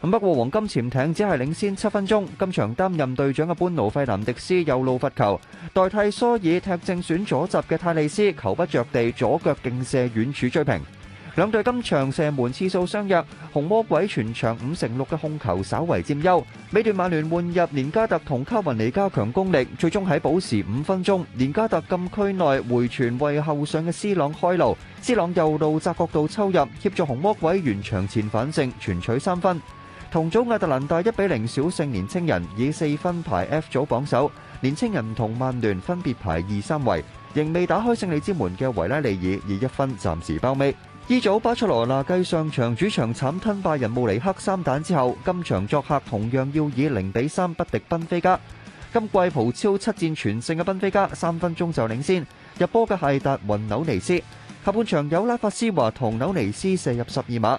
不過黃金潛艇只係領先七分鐘，今場擔任隊長嘅班奴費南迪斯右路罰球，代替蘇爾踢正選左閘嘅泰利斯球不着地左腳勁射遠處追平兩隊。今場射門次數相若，紅魔鬼全場五成六嘅控球稍為佔優。尾段曼聯換入連加特同卡雲尼加強攻力，最終喺補時五分鐘連加特禁區內回傳為後上嘅 C 朗開路，C 朗右路窄角度抽入，協助紅魔鬼完場前反勝全取三分。同組亞特蘭大一比零小勝年青人，以四分排 F 組榜首。年輕。年青人同曼聯分別排二三位，仍未打開勝利之門嘅維拉利爾以一分暫時包尾。e。E 組巴塞羅那繼上場主場慘吞拜仁慕尼黑三蛋之後，今場作客同樣要以零比三不敵賓菲加。今季葡超七戰全勝嘅賓菲加，三分鐘就領先入波嘅係達雲紐尼斯。下半場有拉法斯華同紐尼斯射入十二碼。